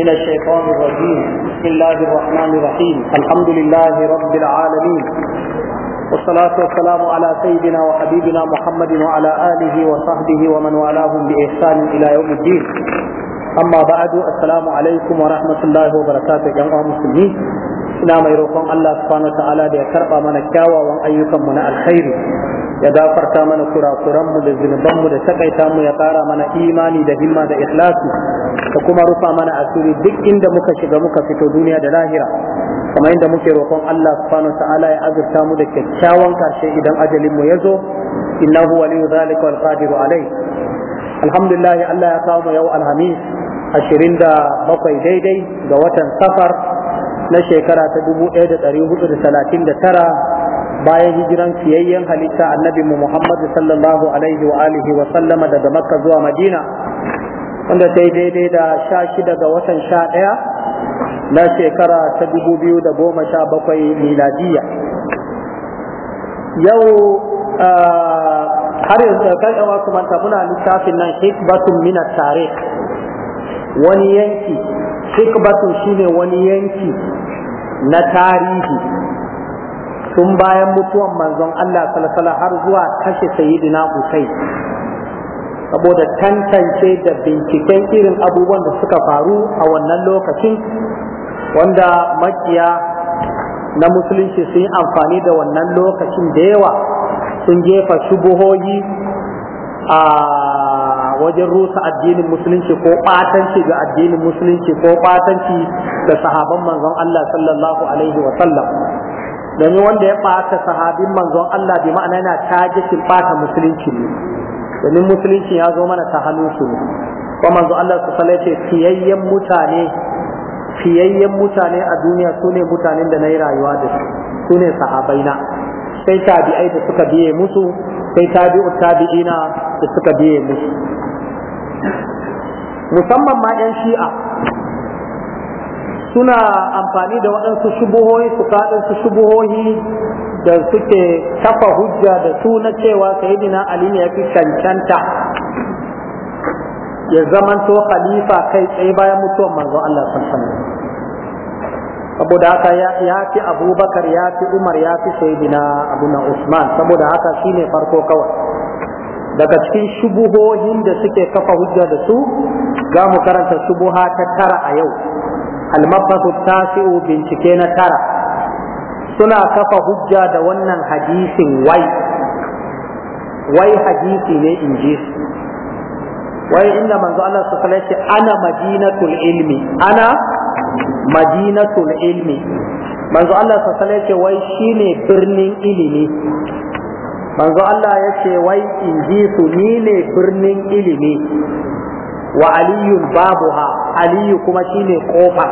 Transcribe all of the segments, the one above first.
من الشيطان الرجيم بسم الله الرحمن الرحيم الحمد لله رب العالمين والصلاة والسلام على سيدنا وحبيبنا محمد وعلى آله وصحبه ومن والاهم بإحسان إلى يوم الدين أما بعد السلام عليكم ورحمة الله وبركاته جمع المسلمين إنا ما الله سبحانه وتعالى ليكرب من الكاوى وأن أيكم من الخير ya gafarta mana kurakuranmu da zunubanmu da takaita mu ya kara mana imani da himma da ikhlasi ka kuma rufa mana asiri duk inda muka shiga muka fito duniya da lahira kamar inda muke roƙon Allah subhanahu wa ta'ala ya azurta mu da kyakkyawan karshe idan ajalin mu ya zo innahu waliyu zalika wal qadiru alai? alhamdulillah Allah ya kawo mu yau alhamis ashirin da bakwai daidai ga watan safar na shekara ta da da tara. bayan hijiran siyayyen halitta annabi mu Muhammad sallallahu alaihi wa alihi wa sallama daga Makka zuwa Madina wanda ta yi daidai da sha shida ga watan sha ɗaya na shekara ta dubu biyu da goma sha bakwai miladiya yau har yanzu kai yawa kuma ta muna littafin nan hikbatun mina tare wani yanki hikbatun shine wani yanki na tarihi tun bayan mutuwan manzon Allah salasala har zuwa kashe sayyidina Hussein saboda tantance da binciken irin abubuwan da suka faru a wannan lokacin wanda makiya na musulunci sun yi amfani da wannan lokacin da yawa sun jefa shubuhohi a wajen rusa addinin musulunci ko ɓatanci ga addinin musulunci ko ɓatanci da sahaban manzon Allah sallallahu alaihi wa sallam domin wanda ya ɓata sahabin manzon Allah bi ma'ana yana tajikin ɓata musulunci ne domin musulunci ya zo mana ta hannun su ne manzon Allah su sale ce fiyayyen mutane fiyayyen mutane a duniya su ne mutanen da na yi rayuwa da su su ne sahabaina sai tabi'ai da suka biye musu sai tabi'u tabi'ina da suka biye musu musamman ma 'yan shi'a suna amfani da waɗansu shubuhohi su kaɗansu shubuhohi da suke kafa hujja da su na cewa sayidina ali ne ya fi cancanta ya to khalifa kai tsaye bayan mutuwan manzo Allah sallallahu saboda haka ya fi abubakar ya fi umar ya fi sayidina abuna usman saboda haka shine farko kawai daga cikin shubuhohin da suke kafa hujja da su ga mu karanta shubuha ta tara a yau almabasu tasi'u bincike na tara suna kafa hujja da wannan hadisin wai wai hadisi ne in ji su wai inda manzo Allah su kala ce ana madinatul ilmi ana madinatul ilmi manzo Allah su kala ce wai shine birnin ilimi manzo Allah ya ce wai in ji su ni ne birnin ilimi wa aliyun ha? aliyu kuma shine kofar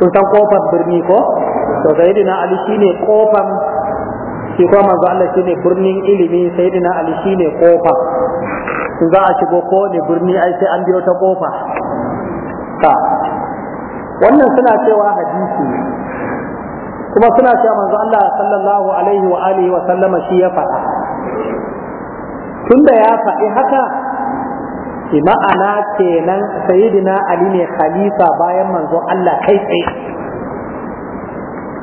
sun san kofar birni ko to sayyidina ali shine kofar shi kuma manzo Allah shine birnin ilimi sayyidina ali shine sun za a shigo ko ne birni ai sai an biyo ta kofa ta wannan suna cewa hadisi kuma suna cewa manzo Allah sallallahu alaihi wa alihi wa sallama shi ya faɗa tunda ya faɗi haka bi ma'ana kenan sayyidina ali ne khalifa bayan manzo Allah kai tsaye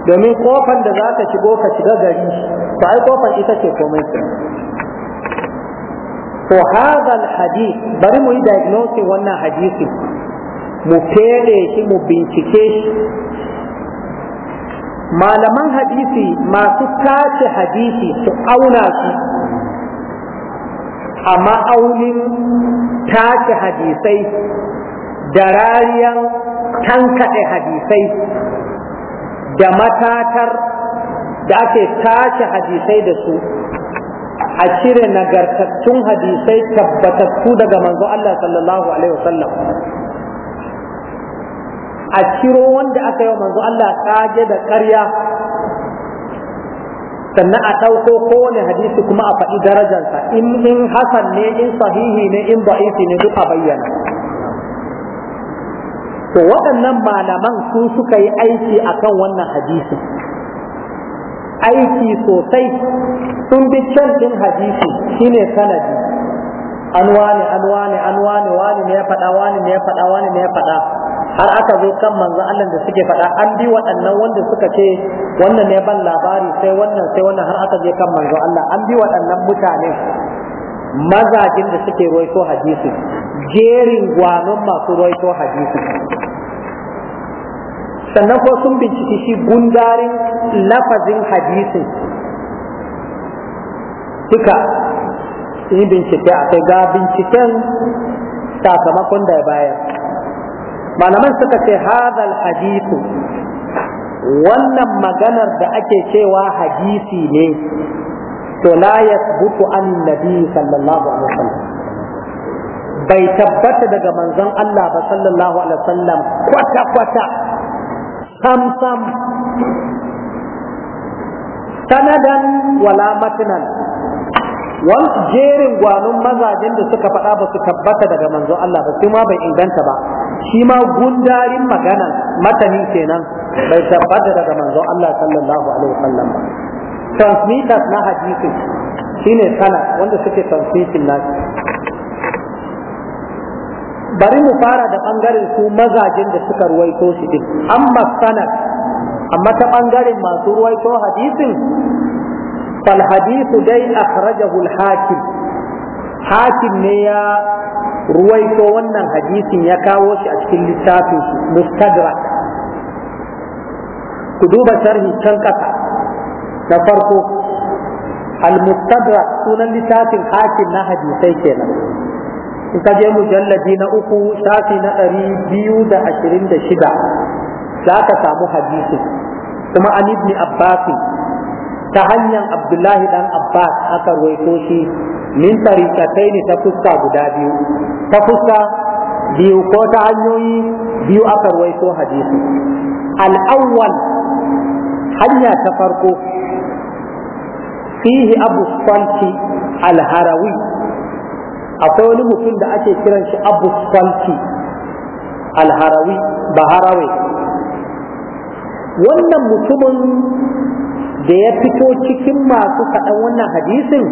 domin kofan da za ka shigo ka shiga gari to ai kofan ita ce komai to hadha hadith bari mu yi diagnosis wannan hadisi mu fere shi mu bincike shi malaman hadisi masu tace hadisi su auna shi a ma'aunin tashi hadisai da rariyar tankaɗe hadisai da matatar da ake tashi hadisai da su a cire nagartattun hadisai tabbatattu daga manzo Allah sallallahu alaihi wasallam a ciro wanda aka yi wa manzo Allah tsage da ƙarya sannan a ɗauko kowane hadisi kuma a faɗi darajarsa in in hasan ne in sahihi ne in ba'ifi ne duka bayyana to waɗannan malaman sun suka yi aiki akan wannan hadisi aiki sosai sun bi can ɗin hadisi shine sanadi an wane an wane an wane wane ne ya faɗa wane ne ya faɗa wane ne ya faɗa har aka zo kan manzo Allah da suke faɗa an bi waɗannan wanda suka ce wannan ne ban labari sai wannan sai wannan har aka je kan manzan Allah an bi waɗannan mutane mazajin da suke roito hadisi jerin gwanon masu roito hadisi sannan ko sun binciki shi gundarin lafazin hadisi, duka yi bincike a kai ga binciken sakamakon da ya bayar malaman suka ce hadal hadisu, wannan maganar da ake cewa hadisi ne to la yasbutu an nabi sallallahu alaihi wasallam bai tabbata daga manzon Allah ba sallallahu alaihi wasallam kwata kwata sam sam sanadan wala matinan wani jerin gwanon mazajen da suka faɗa ba su tabbata daga manzon Allah ba su ma bai inganta ba shi ma gundarin magana matani kenan bai tabbata daga manzon Allah sallallahu alaihi wasallam ba transmitters na hadisi shine sana wanda suke transmitting na bari mu fara da bangaren su mazajen da suka ruwaito shi din amma sana amma ta bangaren masu ruwaito hadisin fal hadisu dai akhrajahu al hakim hakim ne ya ruwaito wannan hadisin ya kawo shi a cikin littafin mustadrak ku duba sharhi can kasa na farko al-mustadrak sunan littafin hakim na hadisai kenan in ka je mujalladi na uku shafi na ɗari biyu da ashirin da shida za ka samu hadisin kuma an ibni abbasin ta hanyar abdullahi dan abbas aka ruwaito shi min tariqatai ne ta fuska guda biyu ta fuska biyu ko ta hanyoyi biyu aka ruwaito hadisi al'awwal hanya ta farko fihi abu salti alharawi akwai wani mutum da ake kiran shi abu salti alharawi ba harawai. wannan mutumin da ya fito cikin masu kaɗan wannan hadisin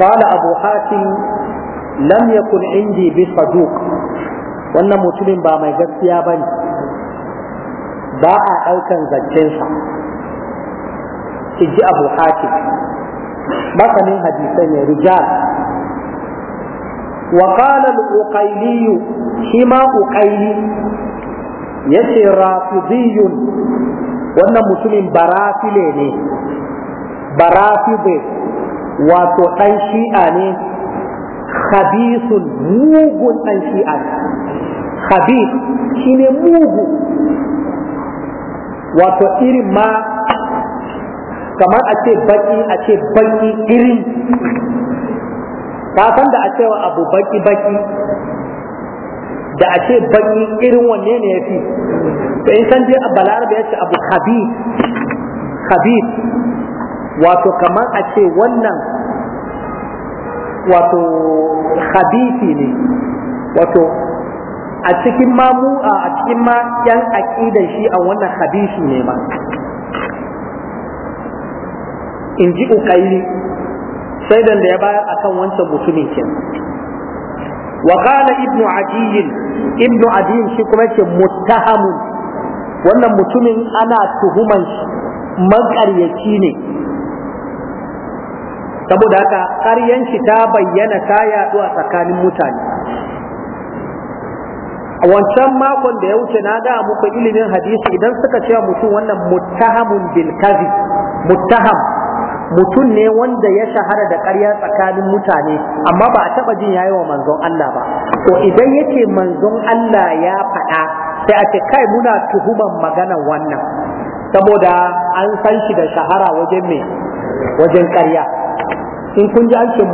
قال أبو حاتم لم يكن عندي بصدوق wannan mutumin ba mai gaskiya ba ne ba a ɗaukan zancensa ji abu hatim masanin hadisai ne rijal wa qala al-uqayli shi ma uqayli yace rafidiyun wannan mutumin barafile ne barafide wato ɗan shi'a ne Habisun mugun ɗan shi'a Habis shi ne mugu wato irin ma kamar a ce baki a ce baki irin ka san da a cewa abu baki baki da a ce baki irin wanne ne ya fi da in san je a balarabe ya ce abu khabis khabis wato kamar a ce wannan wato habisi ne wato a cikin ma mu a cikin ma yan aqidan shi a wannan habisi ne ba. in ji ukaili sai da ya bayar kan wancan mutumin kenan وقال ابن عدي ابن عدي shi kuma ce muttahamu wannan mutumin ana tuhuman shi ne saboda haka ƙaryan shi ta bayyana ta yaɗu a tsakanin mutane a wancan makon da ya wuce na ga muku ilimin hadisi idan suka ce mutum wannan muttahamun bil kazi muttaham mutum ne wanda ya shahara da ƙarya tsakanin mutane amma ba a taɓa jin yayi wa manzon Allah ba to idan yake manzon Allah ya faɗa sai a ce kai muna tuhuman magana wannan saboda an san shi da shahara wajen me wajen ƙarya in kun ji an ce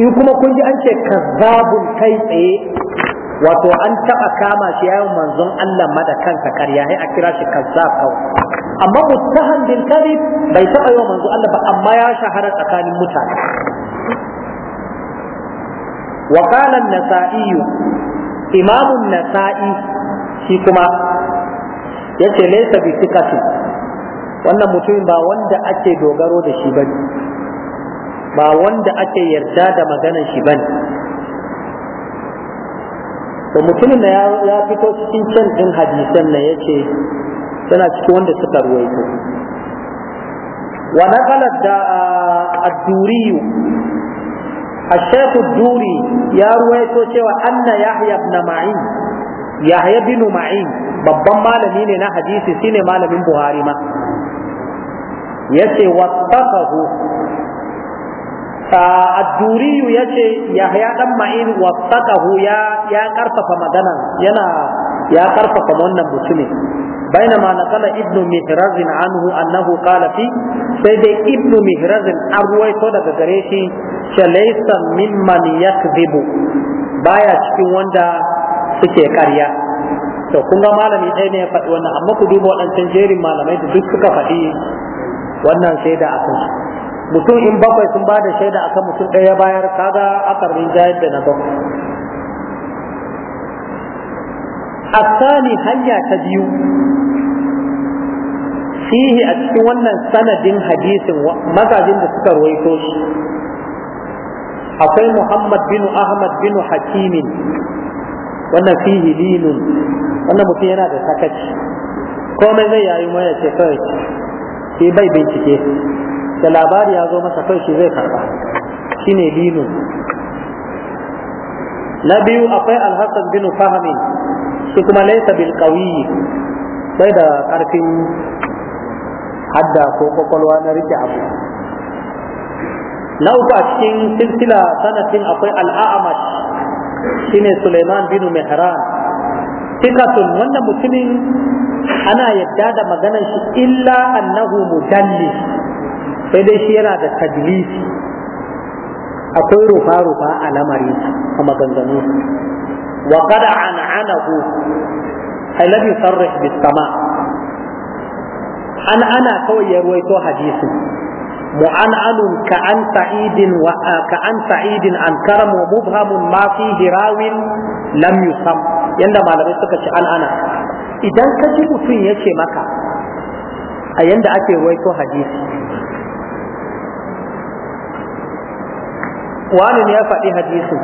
in kuma kun ji an ce kazzabun kai tsaye wato an taba kama shi yayin manzon Allah ma da karya sai a kira shi kazzab kawai amma mutaham bil kadhib bai taba yi manzon Allah ba amma ya shahara tsakanin mutane wa qala an-nasa'i imam an-nasa'i shi kuma yace laysa bi tikati wannan mutumin ba wanda ake dogaro da shi bane ba wanda ake yarda da maganar shi bane to mutumin da ya fito cikin can din hadisan na yace tana cikin wanda suka ruwaito wa naqala da ad-duri الشيخ الدوري يا رويتو cewa أن يحيى بن معين يحيى بن معين babban malami ne na hadisi shine malamin Buhari ma yace wattaqahu adduriyu ya ce yahya dan ma'in wasaqahu ya karfafa magana yana ya karfafa wannan mutumin bainama naqala ibnu mihraz anhu annahu qala sai dai ibnu mihraz an ruwaito daga gare shi ce laysa mimman yakdhibu baya cikin wanda suke karya. to kun malami ɗaya ne ya faɗi wannan amma ku duba waɗancan jerin malamai da duk suka faɗi wannan sai da akan mutum in bakwai sun ba da shaida akan mutum ɗaya bayar kaga aka jayar da na bakwai tsani hanya ta biyu fihi a cikin wannan sanadin hadisin mazajin da suka ruwaito shi akwai muhammad bin ahmad bin hakimin wannan fihi linun wannan mutum yana da sakaci komai zai yayi maya ce shi bai bincike da labari ya zo masa kai shi zai karba ne dinu na biyu akwai alhassan binu fahmi shi kuma laisa bil sai da karfin hadda ko kwakwalwa na rike abu na uku a cikin silsila sanatin akwai al'amash ne suleiman bin mihran sikatun wannan mutumin ana yadda da maganar shi illa annahu mudallis sai dai shi yana da tadlisi akwai rufa-rufa a lamari a maganganu wa kada an anahu ai lam yusarrih bis sama an ana kawai ya ruwaito hadisi معنعن كأن سعيد وكأن سعيد عن wa ومبهم ما فيه راو لم يسم yanda malamai suka ci ana. idan ka ji mutum ya ce maka a yanda ake waito hadisi wani ne ya faɗi hadisin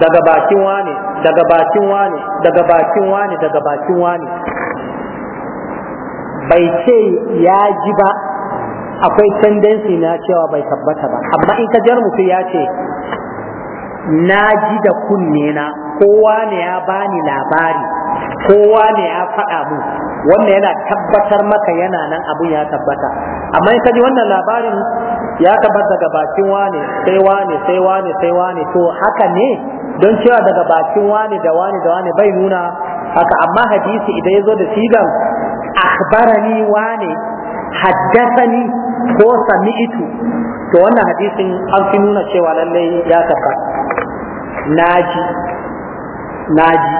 daga bakin wani daga bakin wani daga bakin wani daga bakin wani bai ce ya ji ba akwai tendensi na cewa bai tabbata ba amma in ka jar mutum ya ce na ji da kunne na kowa ne ya bani labari kowa ne ya faɗa mu wannan yana tabbatar maka yana nan abun ya tabbata amma in ka ji wannan labarin ya tabbata daga bakin wane sai wane sai wane sai wane to haka ne don cewa daga bakin wane da wane da wane bai nuna haka amma hadisi idan ya zo da sigan akhbarani wane haddasani ko sami'itu to wannan hadisin an fi nuna cewa lallai ya tafa naji naji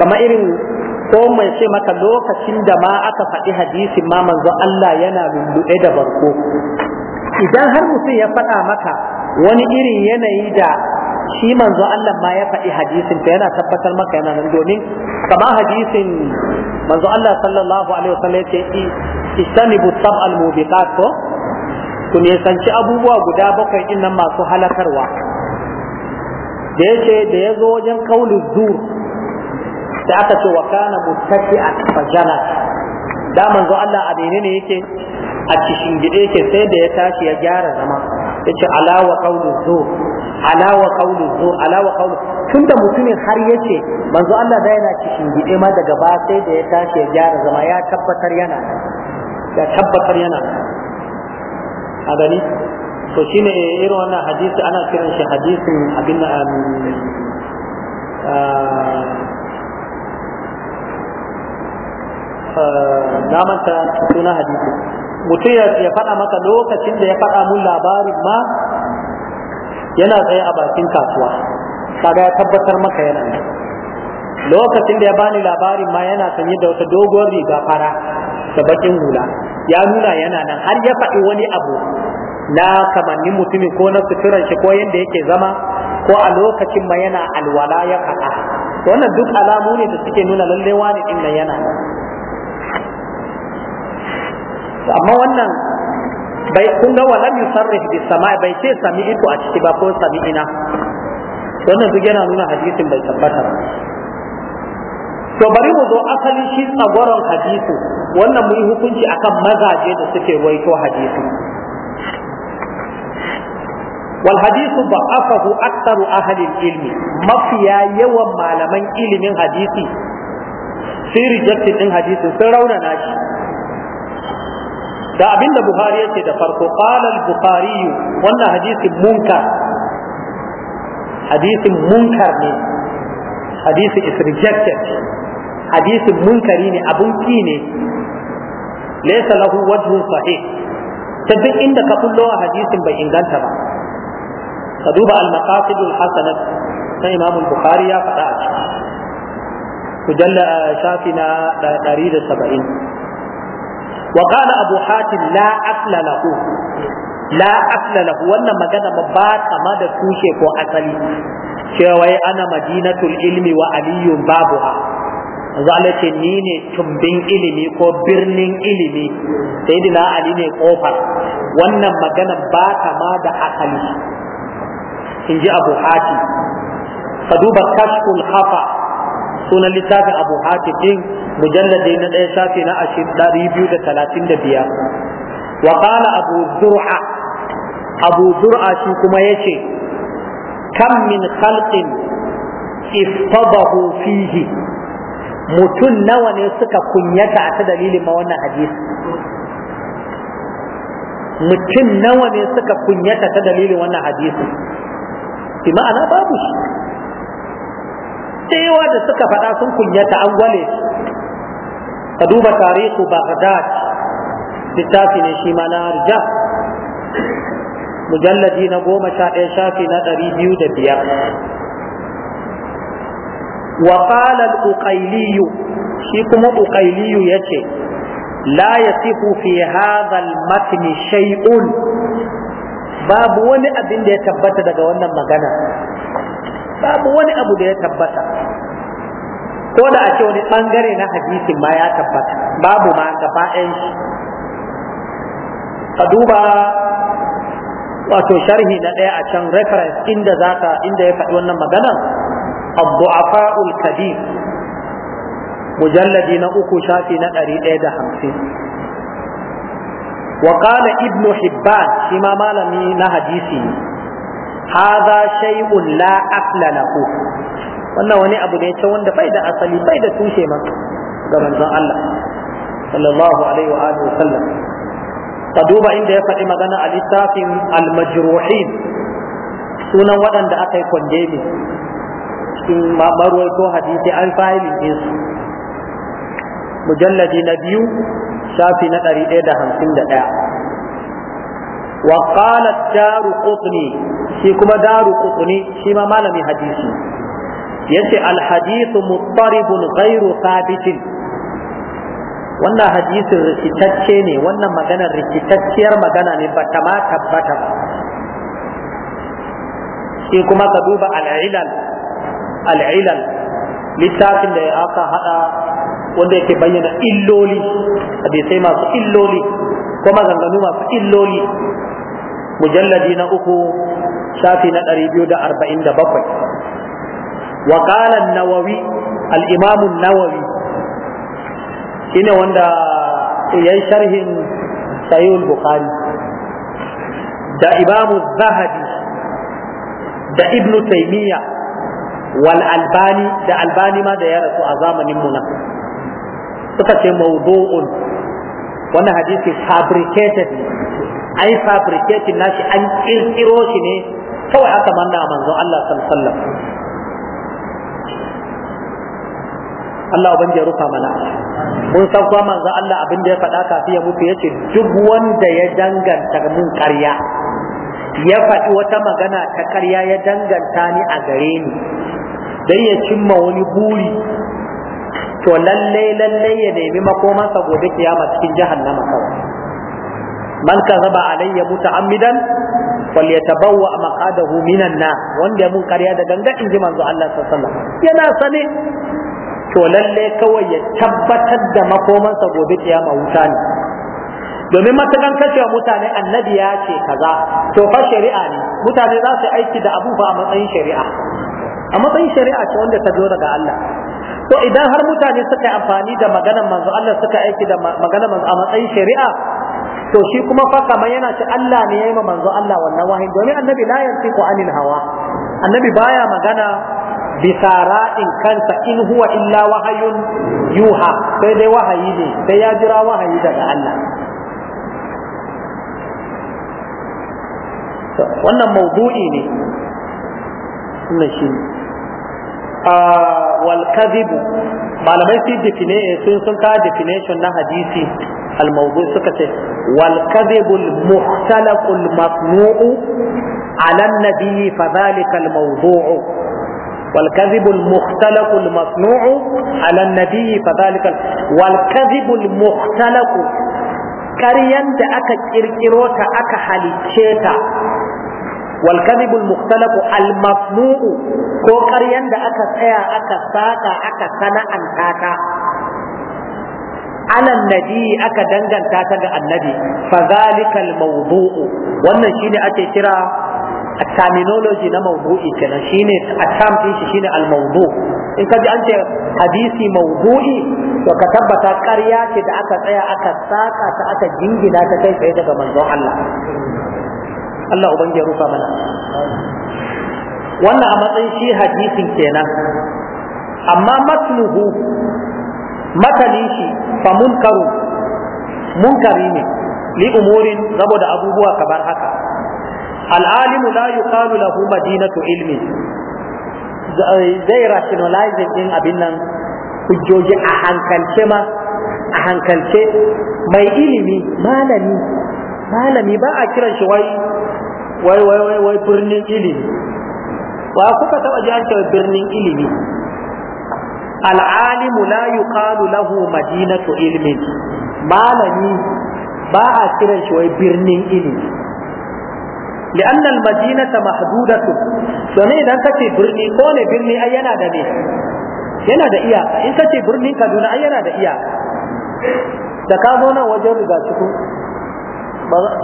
kamar irin ko mai ce maka lokacin da ma aka faɗi hadisin ma manzo Allah yana lulluɗe da barko idan har mutum ya faɗa maka wani irin yanayi da shi manzo Allah ma ya faɗi hadisin ta yana tabbatar maka yana nan domin kama hadisin manzo Allah sallallahu alaihi wasallam yace istanibu al mubiqat ko ku nisanci abubuwa guda bakwai din nan masu halakarwa da yace da yazo wajen kaulu zur Sai aka ce wa kana muttaki a fajala da manzo Allah a menene yake a cikin gide yake sai da ya tashi ya gyara zama yace ala wa qawlu zu ala wa qawlu zu ala wa qawlu tunda mutumin har yace manzo Allah da yana cikin gide ma daga ba sai da ya tashi ya gyara zama ya tabbatar yana ya tabbatar yana a gani to shine irin wannan hadisi ana kiran shi hadisin abin um, uh, Eh, na manta suna hadisi mutum ya faɗa maka lokacin da ya faɗa mun labarin ma yana tsaye a bakin kasuwa kaga ya tabbatar maka yana ne lokacin da ya bani labarin ma yana sanye da wata doguwar riga fara da bakin hula ya nuna yana nan har ya faɗi wani abu na kamannin mutumin ko na suturan shi ko yadda yake zama ko a lokacin ma yana alwala ya faɗa wannan duk alamu ne da suke nuna lallai wani din nan yana amma wannan bai kun ga walam yusarrif bis sama bai ce sami ito a ciki ba ko sami ina wannan duk yana nuna hadisin bai tabbata to bari mu zo asali shi tsagoron hadisi wannan mu yi hukunci akan mazaje da suke waito hadisi wal hadisu ba'afahu aktaru ahli ilmi mafiya yawan malaman ilimin hadisi fi rejected din hadisin sun raunana shi da abinda buhari yake da farko qala bukhari wannan hadisin munkar hadisin munkar ne hadisin is rejected hadisin munkari ne abun ki ne laysa lahu wajhun sahih ta duk inda ka kullo a hadisin bai inganta ba ka duba al-maqasid al-hasanat sai imam al-bukhari ya faɗa a ciki mujalla eh, shafi na 170 وقال أبو حاتم لا أصل له لا أصل له وأن مجانا مبات أما دفوشك وأصلي شوي أنا مدينة العلم وعلي بابها zalace ni ne tumbin ilimi ko birnin ilimi sai dina ali ne kofar wannan magana ba ta ma da akali in ji abu hati ka duba kashful hafa sunan littafin abu hatim din mujallade na ɗaya shafi na ɗari biyu da talatin da biyar wa qala abu zur'a abu zur'a shi kuma yace kam min khalqin istadahu fihi mutum nawa ne suka kunyata a ta dalilin ma wannan hadisi mutum nawa ne suka kunyata ta dalilin wannan hadisi bi babu shi yawa da suka faɗa sun kunyata an gwale ka duba tarihu baghdad littafi ne shi ma na harja mujalladi na goma sha ɗaya shafi na ɗari biyu da biyar wa qala al-uqayli shi kuma uqayli yace la yasifu fi hadha al-matn shay'un babu wani abin da ya tabbata daga wannan magana babu wani abu da ya tabbata ko da a ce wani bangare na hadisin ma ya tabbata babu ma gaba ɗayan shi ka duba wato sharhi na ɗaya a can reference inda ka inda ya faɗi wannan magana abdu'afa'ul kadir mujalladi na uku shafi na ɗari ɗaya da hamsin wa ibnu hibban shima malami na hadisi ne hadha shay'un la asla wannan wani abu ne ta wanda bai da asali bai da tushe ma ga manzon Allah sallallahu alaihi wa alihi ka duba inda ya faɗi magana a littafin al-majruhin sunan waɗanda aka yi kwandemi cikin ko hadisi an fahimi na biyu shafi na ɗari ɗaya da hamsin da ɗaya shi kuma daru kukuni shi ma malami hadisi yace al hadithu muttaribun ghairu thabitin wannan hadisin rikitacce ne wannan maganar rikitacciyar magana ne ba ta ma tabbata ba shi kuma ka duba al'ilal al'ilal littafin da ya aka hada wanda yake bayyana illoli hadisai masu illoli ko maganganu masu illoli mujalladi na uku shafi na 247 wa qala an-nawawi al-imam an-nawawi shine wanda yayi sharhin sahih al-bukhari da imam zahabi da ibn taymiya wal albani da albani ma da ya rasu a zamanin mu suka ce mawdu'un wannan hadisi fabricated ai fabricated nashi an kirkiro shi ne kawai aka manna manzo Allah sallallahu Allah ya rufa mana mun san kuma manzo Allah abin da ya faɗa kafin ya mutu yace duk wanda ya danganta mun ƙarya ya faɗi wata magana ta ƙarya ya danganta ni a gare ni dan ya cimma wani buri to lalle lalle ya nemi makomansa gobe kiyama cikin jahannama kawai man kazaba alayya muta'ammidan wal yatabawwa maqadahu minan na wanda ya mun karya da ganga in ji manzo Allah sallallahu alaihi yana sane to lalle kawai ya tabbatar da makomansa gobe kiyama wuta ne domin matakan kashewa mutane annabi ya ce kaza to fa shari'a ne mutane za su aiki da abu fa a matsayin shari'a a matsayin shari'a ce wanda ta zo daga Allah to idan har mutane suka yi amfani da maganar manzo Allah suka aiki da maganar manzo a matsayin shari'a to shi kuma fa kamar yana ce Allah ne yayi ma manzo Allah wannan wahayi domin annabi la yantiqu anil hawa annabi baya magana bisa ra'in kansa in huwa illa wahayun yuha sai dai wahayi ne sai ya jira wahayi daga Allah wannan maudu'i ne wannan shi ah, wal kadhibu malamai su define sun sun ka definition na hadisi almawdu suka ce wal kadhibul muhtalaqul maqnu'u ala an-nabi fa dhalika al-mawdu'u والكذب المختلق المصنوع fa النبي wal والكذب المختلق كريان da aka kirkiro ta aka halicce ta wal kadhibul mukhtalaq ko ƙaryan da aka tsaya aka saka aka sana'anta ta ala nabi aka danganta ta ga annabi fa zalika mawdu'u wannan shine ake kira a terminology na mawdu'i kenan shine a term din shi shine al mawdu' in ka ji an ce hadisi mawdu'i to ka tabbata ƙarya ce da aka tsaya aka saka ta aka jingina ta kai tsaye daga manzon Allah Allah ubangi ya rufa mana wannan a matsayin shi hadisin kenan amma matluhu matalin shi fa munkaru munkari ne li umurin saboda abubuwa kamar haka al'alimu la yuqalu lahu madinatu ilmi zai rationalizing din abin nan hujjoji a hankalce ma a hankalce mai ilimi malami malami ba a kiran shi wai wai wai wai wai birnin ilimi wa kuka taba ji an ce birnin ilimi al'alimu la yuqalu lahu madinatu ilmin malami ba a kiran shi wai birnin ilimi لأن المدينة mahdudatu, domin idan ka ce birni ko ne birni ai yana da ne yana da iya, in ka ce birnin Kaduna ai yana da iya, da ka zo nan wajen riga cikin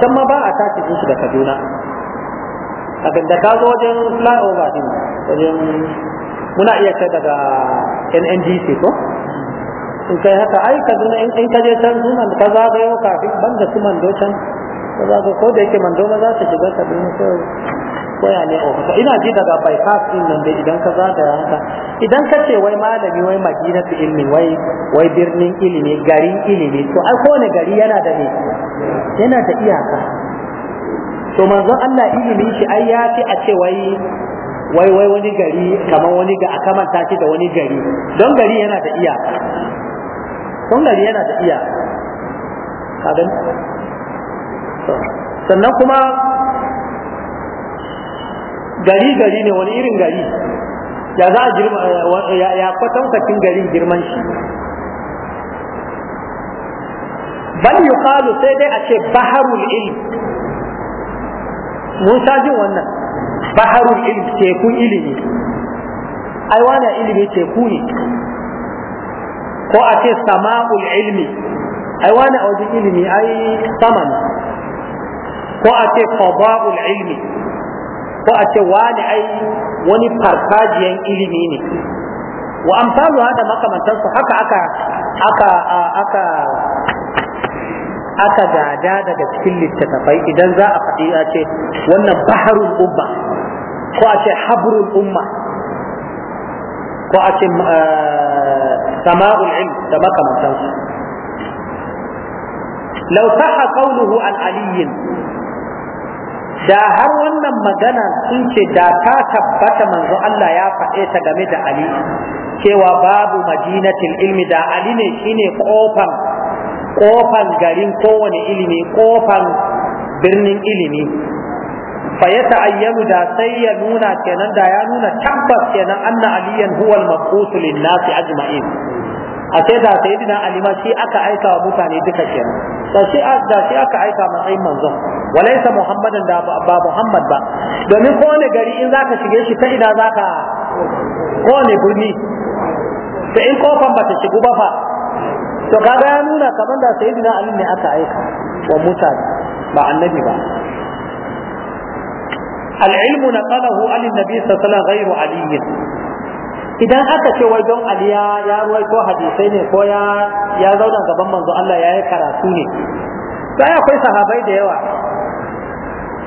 can ma ba a tashi su da Kaduna abin da ka zo wajen flyover din wajen muna iya kai daga nndc ko in kai haka ai ka zuna in ka je can zunan ka zagayo kafin ban da su mando can ka ko da yake mando ma za ta shiga ka bin ko koya ne ofisa ina ji daga bypass din nan dai idan ka za zagaya haka idan ka ce wai malami wai madinatu ilmi wai wai birnin ilimi garin ilimi to ai kowane gari yana da ne yana da iyaka to manzon Allah ilimin shi ai ya fi a ce wai wai wai wani gari kamar wani ga manta shi da wani gari don gari yana da iya don gari yana da iya kagan sannan kuma gari gari ne wani irin gari ya za a girma ya kwatankwacin garin girman shi bal yuqalu sai dai a ce baharul ilm mun sha jin wannan baharul ilm tekun ilimi ai wani ilimi teku ne ko a ce sama'ul ilmi ai wani a wajen ilimi ai saman. ko a ce fada'ul ilmi ko a ce wani ai wani farfajiyan ilimi ne wa amsalu hada makamantansu haka aka aka aka aka gada daga cikin littattafai idan za a faɗi a ce wannan baharul umma ko a ce habrul umma ko a ce eh, sama'ul ilm da makamantansu lau saha qawluhu an aliyin da har wannan magana sun ce da ta tabbata manzo Allah ya faɗe ta game da Ali cewa babu madinatin ilmi da Ali ne shine kofar kofan garin kowane ilimi kofan birnin ilimi fa ya ta'ayyanu da sai ya nuna kenan da ya nuna tabbas kenan anna aliyan huwa al-maqutu lin-nasi ajma'in a sai da sayyidina ali ma shi aka aika wa mutane duka kenan da shi da shi aka aika matsayin manzo walaysa muhammadan da ba muhammad ba domin kowane gari in zaka shige shi ta ina zaka kowane birni Sai in kofan ba ta shigo ba fa to kaga ya nuna kamar da sayyidina ali ne aka aika wa mutane ba annabi ba العلم نقله عن النبي صلى الله عليه وسلم غير علي idan aka ce wai don Ali ya ya ko hadisai ne ko ya ya zauna gaban manzo Allah ya yi karatu ne sai akwai sahabai da yawa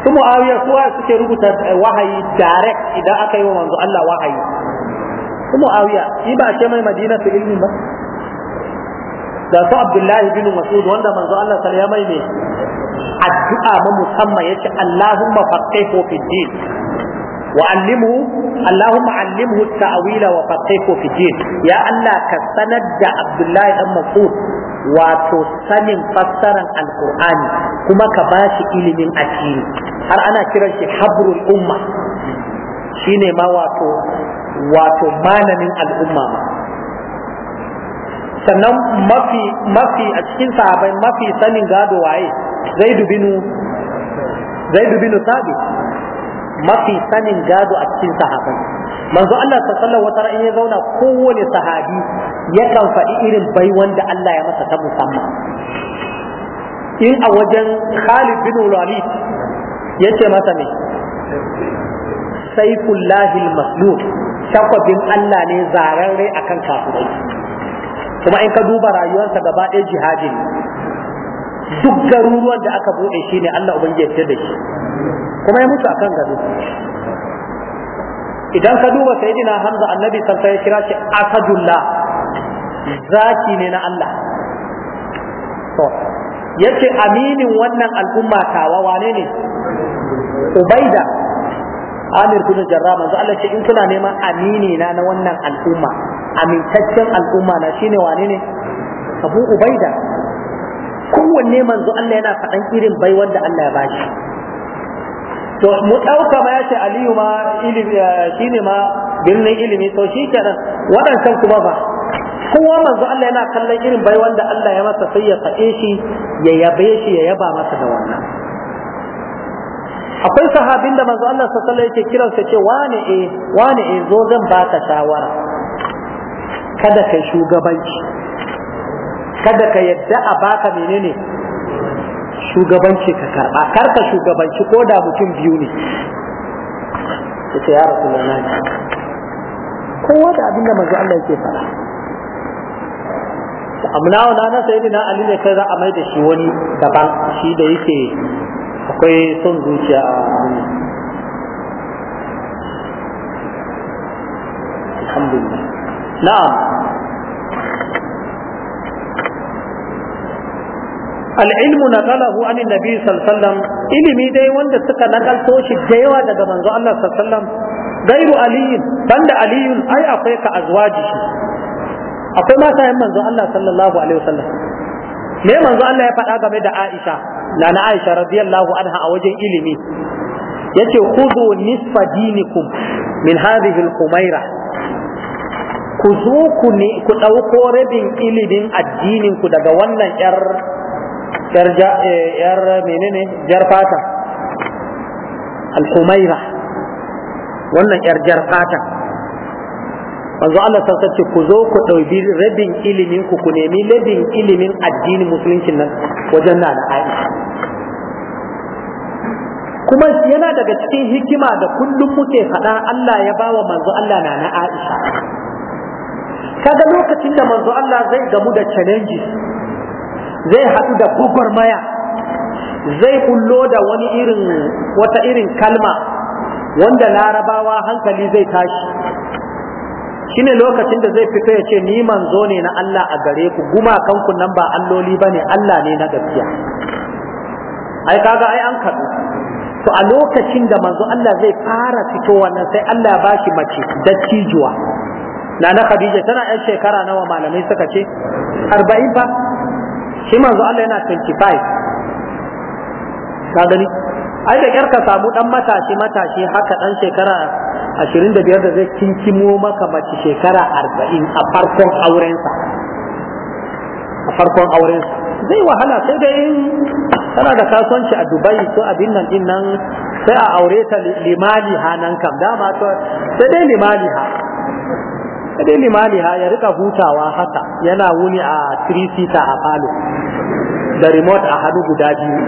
su Muawiya suwa suke rubuta eh, wahayi direct idan aka yi wa manzo Allah wahayi su Muawiya shi ba ce mai Madina su ilmi ba da su abdullahi bin mas'ud wanda manzo Allah sallallahu ya mai addu'a ma musamman yace Allahumma faqihu fi din wa allimhu Allahumma allimhu ta'wila wa faqihu fi din ya Allah ka sanar da abdullahi dan mas'ud wato sanin fassaran alqur'ani kuma ka bashi ilimin addini har ana kiran shi habrul umma shine ma wato wato malamin al'umma ma sannan mafi mafi a cikin sahabai mafi sanin gado waye zai dubinu zai dubinu sabi mafi sanin gado a cikin sahabai manzo Allah sallallahu alaihi wasallam ya zauna kowane sahabi yakan faɗi irin bai wanda Allah ya masa ta musamman in a wajen Khalid bin Walid yace masa ne saifullahi al-maslul takwabin Allah ne zararre akan kafirai kuma in ka duba rayuwarsa gaba ɗaya jihadi ne duk garuruwan da aka buɗe shi ne Allah ubangiji ya da shi kuma ya mutu akan gado idan ka duba sayyidina Hamza annabi sallallahu alaihi kira shi asadullah zaki ne na Allah to yace aminin wannan al'umma tawa wane ne ubaida amir bin jarra manzo Allah ce in kuna neman amini na na wannan al'umma amintaccen al'umma na shine wane ne abu ubaida kowanne manzo Allah yana faɗan irin bai wanda Allah ya bashi to mu ɗauka ba ya ce aliyu ma ilimi eh, shine ma birnin ilimi to shi kenan waɗancan kuma ba kowa manzo Allah yana kallon irin bai wanda Allah ya masa sai ya faɗe shi ya yabe shi ya yaba masa da wannan akwai sahabin da manzo Allah sallallahu alaihi wasallam yake kiransa ce wane eh wane eh zo zan baka shawara kada kai shugabanci kada ka yadda a baka menene shugabanci ka karba kar ka shugabanci ko da mutum biyu ne ce ya rasulullahi kowa da abinda manzo Allah yake fara amna wa na sayyidina ali ne kai za a mai da shi wani daban shi da yake akwai son zuciya a na'am al'ilmu na kalahu an nabi sallallahu ilimi dai wanda suka nakalto shi da yawa daga manzo Allah sallallahu gairu aliyin banda aliyun ai akwai ka azwaji shi akwai mata yan manzo Allah sallallahu alaihi wasallam me manzo Allah ya faɗa game da Aisha na na Aisha radiyallahu anha a wajen ilimi yace khudhu nisfa dinikum min hadhihi al-humaira ku zo ku ne ku ɗauko rabin ilimin addinin ku daga wannan yar yar yar eh, menene jar fata al-humaira wannan yar jar fata manzo Allah ta sace ku zo ku ɗauki rabin ilimin ku ku nemi rabin ilimin addinin musuluncin nan wajen na Aisha kuma yana daga cikin hikima da kullum muke faɗa Allah ya bawa manzo Allah na na Aisha kaga lokacin da manzo Allah zai gamu da challenges zai haɗu da gwagwarmaya zai kullo da wani irin wata irin kalma wanda larabawa hankali zai tashi shine lokacin da zai fito ya ce ni manzo ne na Allah a gare ku kanku nan ba alloli ba ne Allah ne na gaskiya ai kaga ai an kaɗu to a lokacin da manzo Allah zai fara fito wannan sai Allah ya bashi mace dattijuwa nana khadija tana yan shekara nawa malamai suka ce arba'in fa shi manzo Allah yana 25 ka gani ai da kyar ka samu dan matashi matashi haka dan shekara ashirin da biyar da zai kinkimo maka mace shekara arba'in a farkon aurensa a farkon sa zai wahala sai dai tana da kasuwanci a dubai ko a nan din nan sai a aure ta limali ha nan kam dama to sai dai limali ha dai limani ha ya rika hutawa haka yana wuni a seater a falo da remote a hadu guda biyu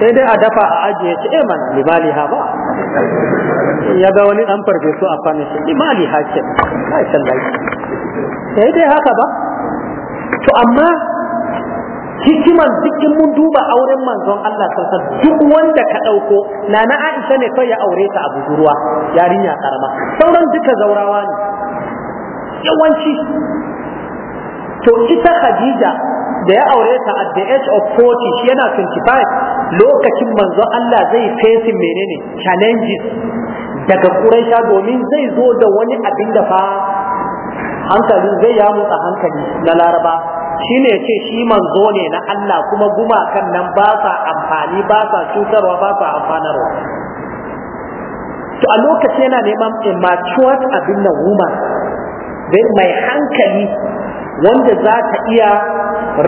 sai dai a dafa a ajiye ce eh mana limali ha ba ya ga wani dan farfesu a fane shi limali ha ce kai sallai sai dai haka ba to amma hikiman cikin mun duba auren manzon Allah sassa duk wanda ka ɗauko na Aisha ne kai ya aure ta a budurwa yarinya karama sauran duka zaurawa ne yawanci to ita Khadija da ya aure ta at the age of 40 shi yana 25 lokacin manzon Allah zai face menene challenges daga Quraisha domin zai zo da wani abin da fa hankali zai yamu a hankali na Laraba shine yace shi manzo ne na Allah kuma gumakan nan ba sa amfani ba sa cutarwa ba sa amfanarwa to a lokaci yana neman matured abin nan woman mai hankali wanda za ta iya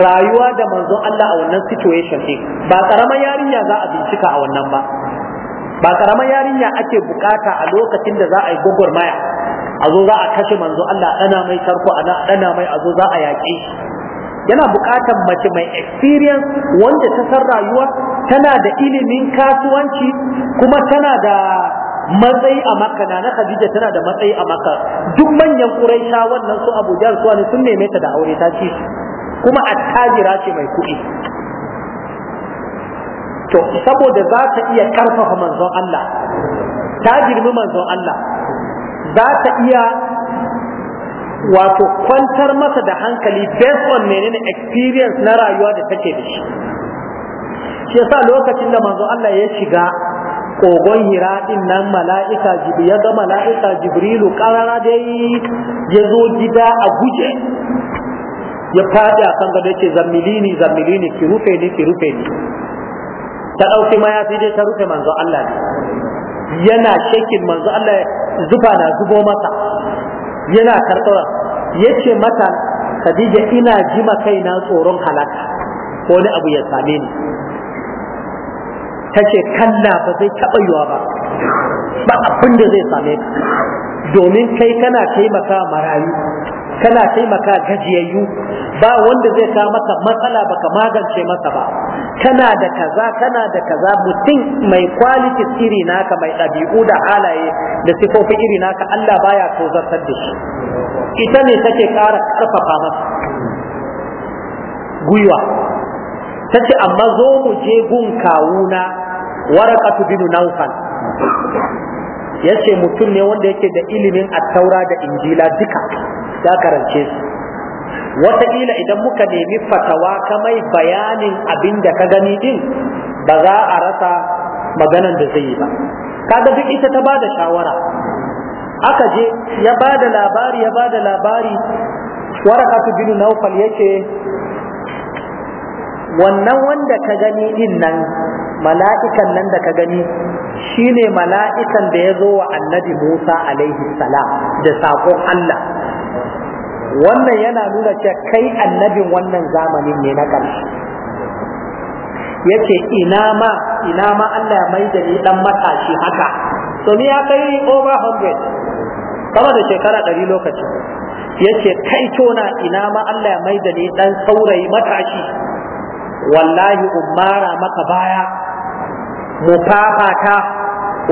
rayuwa da manzon Allah a wannan situation din ba karamar yarinya za a bincika a wannan ba ba karamar yarinya ake bukata a lokacin da za a yi gwagwarmaya a zo za a kashe manzo Allah dana mai tarko ana dana mai a zo za a yaƙe yana buƙatar mace mai experience wanda ta san rayuwa tana da ilimin kasuwanci kuma tana da matsayi a maka. na khadija tana da matsayi a maka. duk manyan quraisha wannan su Abuja, su ne sun neme ta da aure ta ci kuma attajira ce mai kuɗi to saboda za ta iya karfafa manzon Allah ta girmi manzon Allah za ta iya wato kwantar masa da hankali based on menene experience na rayuwa da take da shi shi yasa lokacin da manzo Allah ya shiga kogon hira din nan mala'ika jibril ya ga mala'ika jibrilu karara dai ya zo gida a guje ya fadi a kan gado yake zammilini zammilini ki rufe ni ki rufe ni ta ɗauki sai dai ta rufe manzo Allah ne yana shekin manzo Allah zufa na zubo masa yana karɓar ce mata Khadija ina jima kaina tsoron halaka ko wani abu ya same ni ta ce kalla ba zai taɓa yiwa ba ba abin da zai same ka domin kai kana taimaka marayu kana taimaka gajiyayyu ba wanda zai ka maka matsala baka magance masa ba kana da kaza kana da kaza mutum mai kwaliti iri naka mai ɗabi'u da halaye da sifofi iri naka Allah baya tozartar da shi ita ne take ƙara ƙarfafa masa gwiwa ta ce amma zo mu je gun kawuna warakatu binu naufal ya ce mutum ne wanda yake da ilimin attaura da injila duka ya karance su wataƙila idan muka nemi fatawa kamai bayanin abin da ka gani din ba za a rasa maganan da zai yi ba kaga duk ita ta bada shawara aka je ya bada labari ya bada labari warakatu binu naufal yake wannan wanda ka gani din nan mala'ikan nan da ka gani shine mala'ikan da ya zo wa annabi Musa alaihi salam da saƙon Allah wannan yana nuna cewa kai annabin wannan zamanin ne na ƙarshe yace ina ma ina ma Allah ya mai da ni dan matashi haka so ni ya kai over 100 sama da shekara 100 lokaci yace kai tona ina ma Allah ya mai da ni dan saurayi matashi wallahi ummara maka baya mu fafata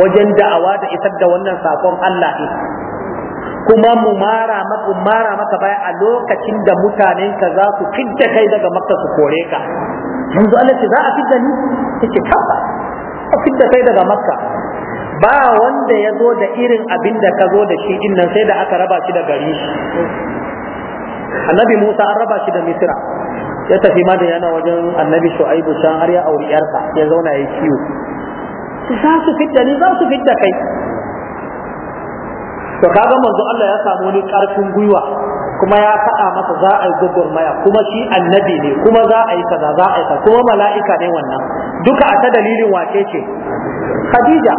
wajen da'awa da isar da wannan sakon Allah ne kuma mu mara maka mara maka baya a lokacin da mutanen ka za su fidda kai daga makka su kore ka yanzu Allah ce za a fidda ni take kafa a fidda kai daga makka ba wanda ya zo da irin abin da ka zo da shi din nan sai da aka raba shi da gari annabi Musa an raba shi da Misra ya tafi ma da yana wajen annabi Shu'aibu San har ya auri yarsa ya zauna ya kiwo za su fidda ni za su fidda kai to kaga manzo Allah ya samu wani karfin gwiwa kuma ya faɗa masa za a yi maya, kuma shi annabi ne kuma za a yi kaza za a yi kaza kuma mala'ika ne wannan duka a ta dalilin wace ce Khadija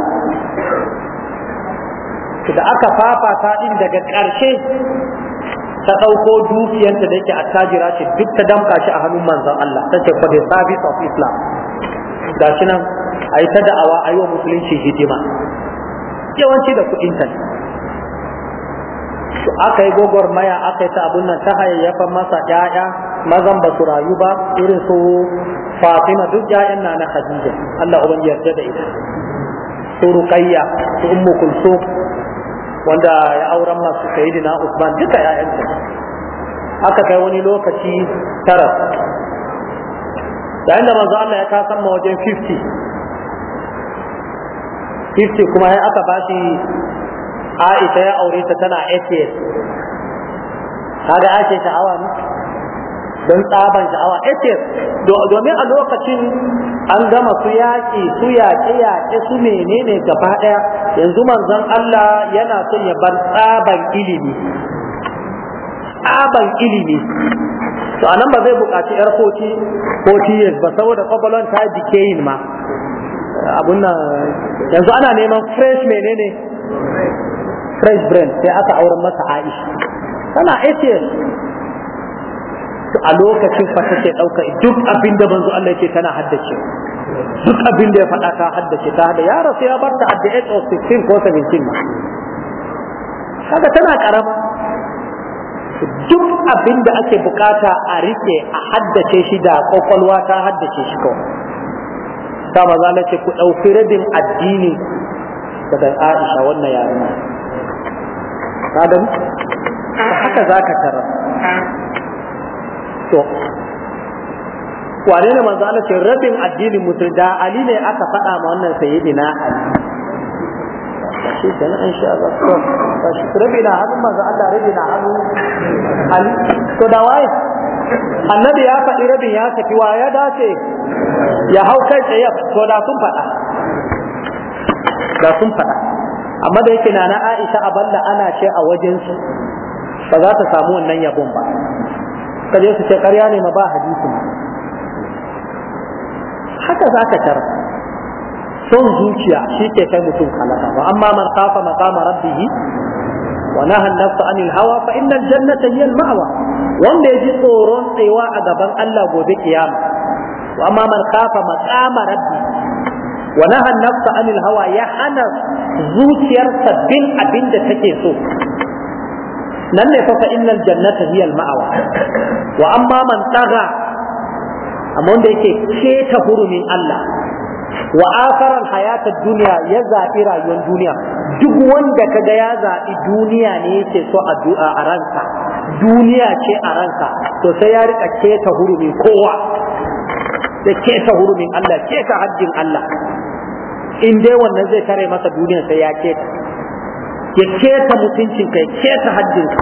da aka fafata din daga ƙarshe ta ɗauko dukiyanta da yake attajira ce duk ta damka shi a hannun manzon Allah ta ce for the service of Islam ga shi nan a yi ta da'awa a yi wa musulunci hidima yawanci da kuɗinta ne aka yi maya aka yi ta abun nan ta hayayyafan masa 'ya'ya mazan ba su rayu ba irin su fatima duk 'ya'yan na na khadija Allah ubangi yarda da ita su ruqayya su ummu kulsum wanda ya auren masu sayyidina usman duka ta aka kai wani lokaci tara yayin da manzo Allah ya kasan ma wajen 50 50 kuma ya aka bashi Aisha ya aure ta tana SS kaga Aisha sha'awa ne don tsaban sha'awa SS domin a lokacin an gama su yaƙi su yaƙe yaƙe su menene gaba ɗaya yanzu manzon Allah yana son ya bar tsaban ilimi tsaban ilimi to anan ba zai buƙaci yar koti? yes ba saboda kwakwalon ta jike yin ma abun nan yanzu ana neman fresh menene fresh brain sai aka auren masa Aisha tana atheist a lokacin fa take dauka duk abin da banzo Allah yake tana haddace duk abin da ya faɗa ta haddace ta hada ya rasu ya barta at the age of 16 ko 17 ma kaga tana karama duk abin da ake bukata a rike a haddace shi da kwakwalwa ta haddace shi kawai ta maza ce ku ɗauki rabin addini da daga Aisha wannan yarinya ka gani haka za ka tarar to wane ne manzo Allah ce rabin addinin musulmi da Ali ne aka faɗa ma wannan sayyidina Ali shi kenan insha Allah to shi rabi na hannun manzo Allah rabi na hannun Ali to da waye annabi ya faɗi rabin ya tafi wa ya dace ya hau kai tsaye to da sun faɗa da sun faɗa amma da yake na na Aisha a balla ana ce a wajen su ba za ta samu wannan yabon ba kaje su ce karya ne ma ba hadisi haka za ka tara son zuciya shi ke kai mutum halaka wa amma man kafa maqama rabbih wa naha an-nafsa anil hawa fa inna al-jannata hiya al-ma'wa wanda yaji tsoron tsayawa a gaban Allah gobe kiyama wa amma man kafa maqama rabbih wa naha an-nafsa anil hawa ya hana zuciyarsa bin abin da take so nan ne fa innal jannata hiya al ma'awa wa amma man taga amma wanda yake ta hurumin Allah wa akara al hayata ya zaɓi rayuwar duniya duk wanda kaga ya zaɓi duniya ne yake so a duniya ce a ransa to sai ya rika keta hurumin kowa da keta hurumin Allah keta haddin Allah in dai wannan zai kare masa duniyar sai ya keta ya keta mutuncin ka ya keta haddin ka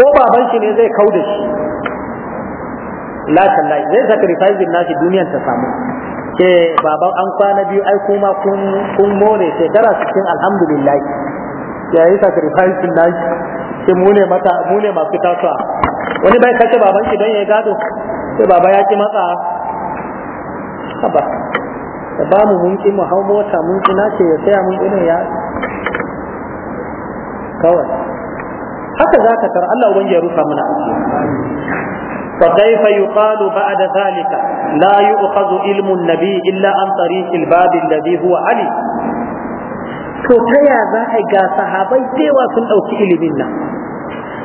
ko baban shi ne zai kau da shi la tallahi zai sacrifice nashi duniyar ta samu ke baban an kwana biyu ai kuma kun kun more shekara cikin alhamdulillah ya yi sacrifice nashi ke mu ne mata mu ne masu tasowa wani bai kace baban shi don ya gado sai baba ya ki matsa haba da ba mu mun mu hau mota mun kina ce ya saya mun irin ya kawai haka za ka tara Allah ubangiji ya rufa mana fa kaifa yuqalu ba'da zalika la yu'khadhu ilmu an-nabi illa an tariq al-bab alladhi huwa ali to ta ya za a ga sahabai cewa sun dauki ilimin nan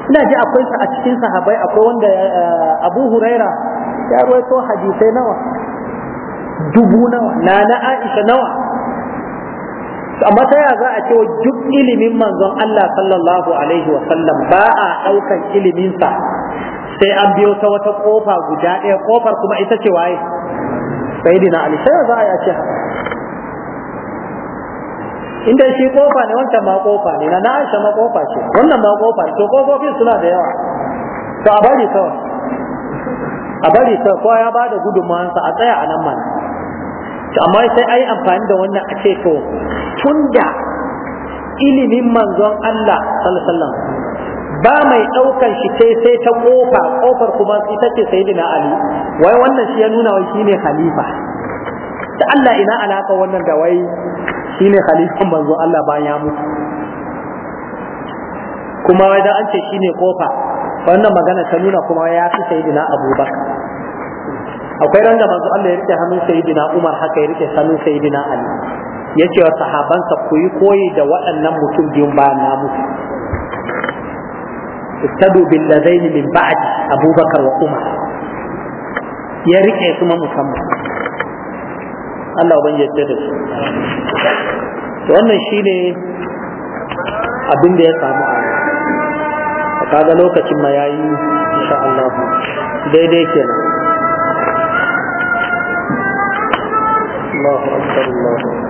ina ji akwai a cikin sahabai akwai wanda eh, Abu Huraira ya rawaito hadisai nawa dubu nawa na na aisha nawa amma ta ya za a cewa duk ilimin manzon Allah sallallahu alaihi wa sallam ba a ɗaukan iliminsa sai an biyo ta wata kofa guda ɗaya kofar kuma ita ce waye sayyidina ali sai za a yi ce inda shi kofa ne wancan ma kofa ne na na aisha ma kofa ce wannan ma kofa to kofofin suna da yawa to a bari kawai a bari kawai kowa ya bada gudunmawansa a tsaya a nan mana to amma sai ai amfani da wannan a ce to tunda ilimin manzon Allah sallallahu alaihi wasallam ba mai ɗaukan shi sai sai ta kofa, ƙofar kuma ita ce sayyidina Ali wai wannan shi ya nuna wai shine khalifa da Allah ina alaka wannan da wai shine khalifan manzo Allah bayan ya mutu kuma wai da an ce shine ƙofa wannan magana ta nuna kuma ya fi sayyidina Abubakar akwai randa manzo Allah ya rike hannun sayyidina Umar haka ya rike hannun sayyidina Ali ya ce wa sahabansa ku yi koyi da waɗannan mutum biyun ba na mutu ittadu bil ladaini min ba'd Abubakar wa Umar ya rike su ma musamman Allah ban yadda da su wannan shine abin da ya samu a kaga lokacin ma yayi insha Allah daidai kenan No,